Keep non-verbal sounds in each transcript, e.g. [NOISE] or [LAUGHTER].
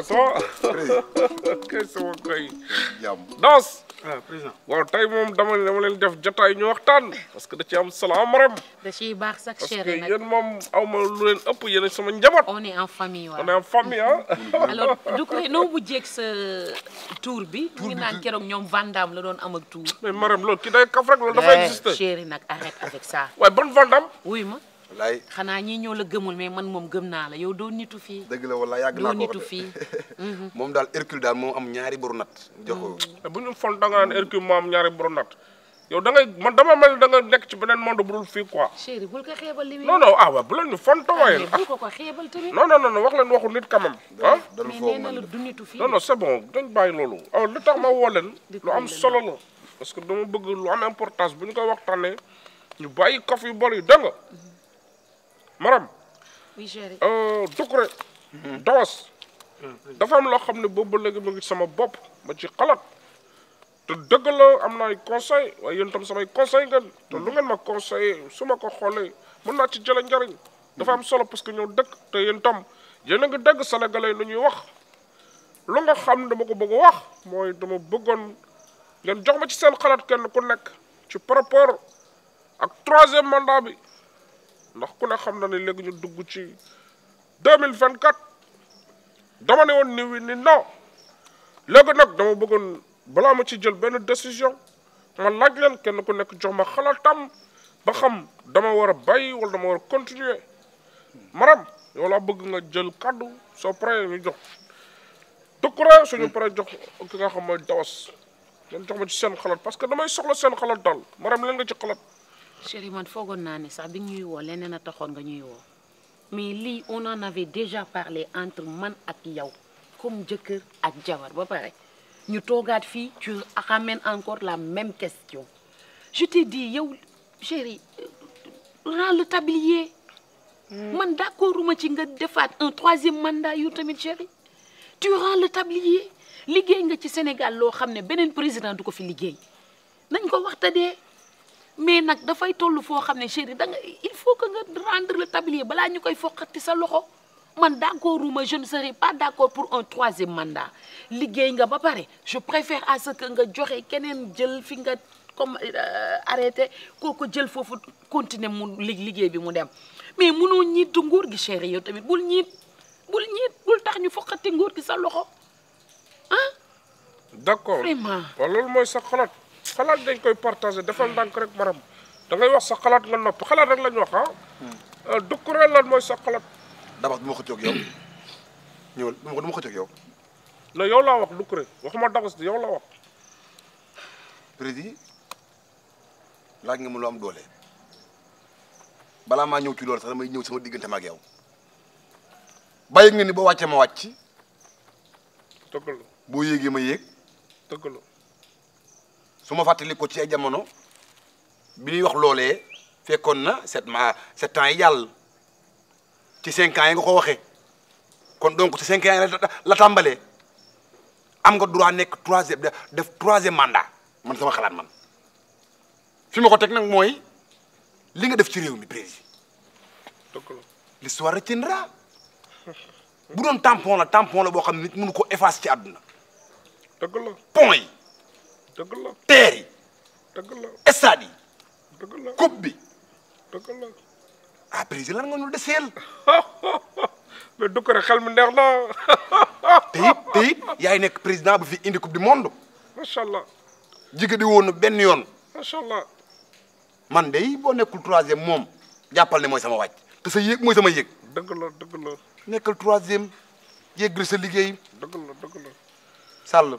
la soo. question koy. dos. Ah, moom dama dama leen def jotaay ñu waxtaan. parce que da ci am solo am rem. baax sax chère parce que moom aw ma lu leen ëpp yéen sama njaboot. on en famille waaw on [LAUGHS] du ko noo bu jéeg sa tour bi. tour bi ngi naan keroog ñoom Vandam la doon am ak tour. mais Marème loolu ki day kaf rek loolu dafa eh, existé. chère nag avec ça. waaye ban Vandam. wallaay xanaa ñi ñoo la gëmul mais man moom gëm naa la yow doo nitu fii dëgg la wallaay yàgg naa ko nitu fii [LAUGHS] mhm. moom daal Hercule daal moom am ñaari boru nat jox mm. bu ñu fol da nga naan Hercule moo am ñaari boru nat yow da ngay man dama mel da nga nekk ci beneen monde bu dul fii quoi chéri bul ko xeebal li non non ah waaw bu leen ñu fonto waaye ah, bul ko ko xeebal tamit non non non wax leen waxu nit kamam ah mais nee na la du nitu fii non non c'est bon dañ bàyyi loolu aw ah, lu tax ma woo lu am solo la parce que dama bëgg lu am importance bu ñu koy waxtaanee ñu bàyyi kof yu yi dégg nga mhm maram euh, dukkure dawas dafa am loo xam ne boobu sama bopp ma ci xalaat te dëgg la am ay conseil tam samay conseil ngeen te lu ngeen ma conseillé su ma ko xoolee mën naa ci tam yéen a ngi dégg sénégalais nu ñuy wax lu nga xam dama ko bëgg wax mooy dama bëggoon ngeen jox ma ci seen xalaat kenn ku par rapport ak ndax ku ne xam na ne léegi ñu dugg ci 2024 dama ne woon ni wi ni non léegi nag dama bëggoon balaa ma ci jël benn décision ma laaj leen kenn ku nekk jox ma xalaatam ba xam dama war a bàyyi wala dama war a continuer maram yow laa bëgg nga jël kaddu soo paree ñu jox Tukkure suñu mm. paree jox ki nga xam mooy Dawas ngeen jox ma ci seen xalaat parce que damay soxla seen xalaat daal maram leen nga ci xalaat chérie man foogoon naa sa sax bi ñuy woo leneen a taxoon nga ñuy mais li on en avait déjà parlé entre man ak yow comme jëkkër ak jabar ba pare ñu toogaat fi, tu ramènes encore la même question je t'ai dit yow chérie euh, rends le tablier hmm. man d'accorduma ci nga defaat un troisième mandat yu tamit chérie tu rends le tablier liggéey nga ci Sénégal lo xamné benen président du ko fi liggéey nañ ko waxta dé mais nak da fay tollu fo xamné chérie da nga il faut que nga rendre le tablier bala ñu koy sa loxo man d'accorduma je ne serai pas d'accord pour un troisième mandat liggéey nga ba paré je préfère à ce que nga joxé kenen jël fi nga comme euh, arrêté kooku jël fofu continuer mu liggéey bi mu dem mais mënoo ñiitu nguur gi chérie yow tamit bul ñiit bul ñiit bul tax ñu foqati nguur gi sa loxo ah. d'accord vraiment lool moy sa xalaat. xalaat dañ koy partagé defal ndànk rek maram dangay wax sa xalaat la noppi xalaat rek la ñu wax ah. Hmm. Euh, Doucouré lan mooy sa xalaat. dabax du ma ko jóg yow ñëwal du ma ko du ma ko jóg yow. non yow wax ma waxuma dabax yow la wax. président laaj nga mu lu am doole balaa maa ñëw ci loolu sax damay ñëw sama diggante ma ak yow bàyyi nga ni boo wàccee ma wàcc. dëgg la boo yéegee suma ma ko ci ay jamono bi ñuy wax lolé fekkon na sept ma sept temps yi ci 5 ans yi nga ko waxé kon donc ci 5 ans la tambalé am nga droit nek 3e def 3e mandat man sama xalaat man fi ma ko teg nag mooy li nga def ci réew mi président l'histoire retiendra bu doon tampon la tampon la bo xam ne nit mënu ko effacer ci aduna dëgg la pont dëgg la teer yi. dëgg la stade yi. dëgg la coupe bi. dëgg la ah président lan nga [LAUGHS] xel mu neex na. [LAUGHS] te it te it yaay nekk président bu fi indi coupe du monde. macha allah. jigéen di woon benn yoon. macha man de boo nekkul troisième moom jàppal ne mooy sama wàcc te sa yéeg mooy sama yéeg. dëgg la dëgg la. nekkal troisième yéeglu sa liggéey. dëgg la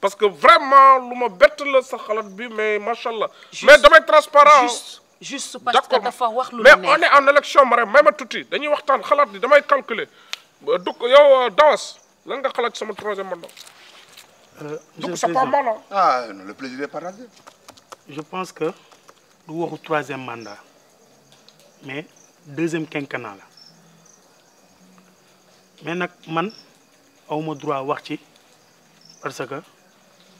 parce que vraiment je bête mais machallah. mais demain transparent juste juste parce que mais on est en élection même tout ma je vais damay calculer que yow euh, Dawas nga troisième mandat. Euh, donc c'est pas mal hein. ah le plaisir est paradis. je pense que du troisième mandat mais deuxième quinquennat mais n'ai man awma droit wax ci parce que.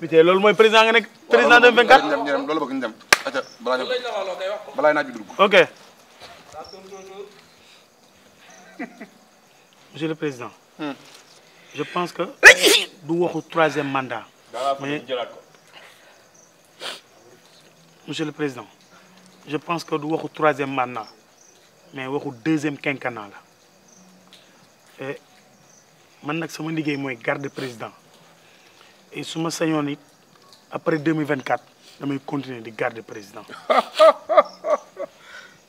Mais c'est le président de président 2024. waaw loolu loolu bëgg dem balaa ñu balaa ok. monsieur le président. je pense que du le troisième mandat. mais monsieur le président je pense que du le troisième mandat mais le deuxième quinquennat Et... man que sama liggéey mooy garde président. et suma sañon nit après 2024 damay continuer di garder président. [LAUGHS]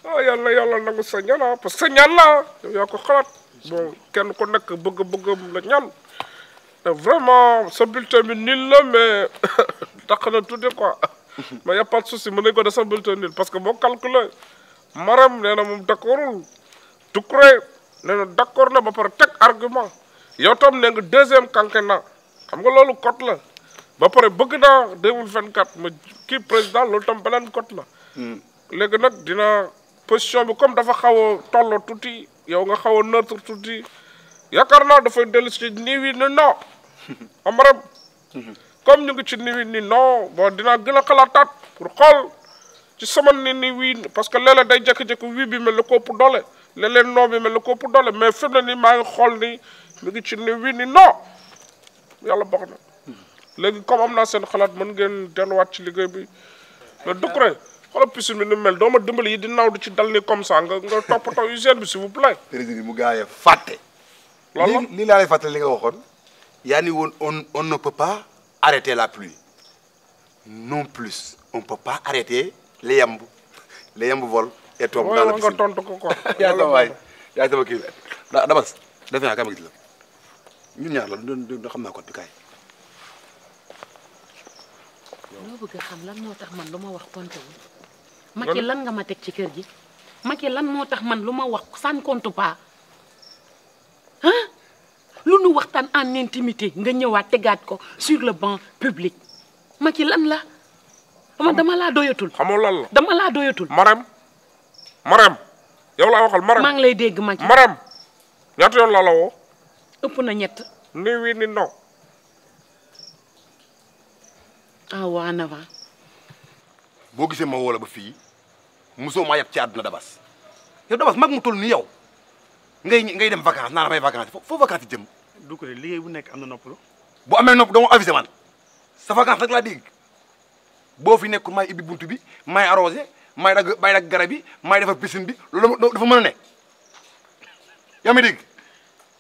oh yalla yalla la sa ñaan ah parce que sa ñaan yow ko xalat bon kenn ko nak bëgg bëgg la ñaan te vraiment sa bulletin bi nil la mais tax [LAUGHS] na tuuti quoi. [LAUGHS] mais y' a pas de souci mën nañu ko def sa bulletin nil parce que boo calculé maram néna na moom d' accordul Ducré nee na ba par tek argument yow tam né nga deuxième quinquennat. xam nga loolu cote la ba pare bëgg naa 2024 ma kii président loolu tam beneen cote la. Hmm. nag dina position bi comme dafa xaw a tolloo tuuti yow nga xaw a neutre tuuti yaakaar naa dafay dellu si nii wii ni non [LAUGHS] am rab hmm. comme ñu ngi ci nii wii ni non bon dinaa gën a xalaataat pour xool ci sama ni ni wii parce que léeg-léeg day jékki wii bi mel ni ko ëpp doole léeg-léeg non bi mel ni ko ëpp doole mais fi mu ni nii maa ngi xool ni mu ngi ci nii wii ni non. yalla baax na léegi comme amna sen xalat xalaat mën ngeen wat ci liggéey bi le Doucouré xoolal piscine bi ni mel dooma dimbali yi di naaw ci dal ni comme ça nga nga toppatoo hygiène bi s'il vous plaît. président mu gaaw faté fàtte. loolu li laa lay faté li nga waxone yani won on on ne peut pas arrêter la pluie non plus on peut pas arrêter les yamb les yamb vol et tombe dans la piscine. waaw nga tontu ko quoi. [LAUGHS] yaa sama waay yaa ngi sama kii damas defe naa kàmm ñun ñaar la doon xam naa code bi kaay. loo bëgg a xam lan moo tax man lu ma wax compte wu. Macky lan nga ma teg ci kër gi. Macky lan moo tax man lu wax san compte pa? ah lu nu waxtaan en intimité nga ñëwaat tegaat ko sur le banc public Macky lan la. man dama laa doyatul. xamoo lan la dama laa doyatul. Marème Marème yow laa waxal Marème maa ngi lay dégg Macky Marème ñaata yoon laa la woo. ëpp na ñett ni wini no awa ah, na wa boo gisee ma woola ba fii mosoo maa yab ci àdduna dabas yow dabas mag mu toll ni yow ngay ngay dem vacances naa damay vacances foo vacances yi jëm du ko liggéey bu nekk am na nopp bu amee nopp dama avisé man sa vacance nag laa dégg boo fi nekkul maay ibbi buntu bi maay arrosé maay dagg maay dagg garab yi maay defar piscine bi loolu dafa mën a ne yaa ngi dégg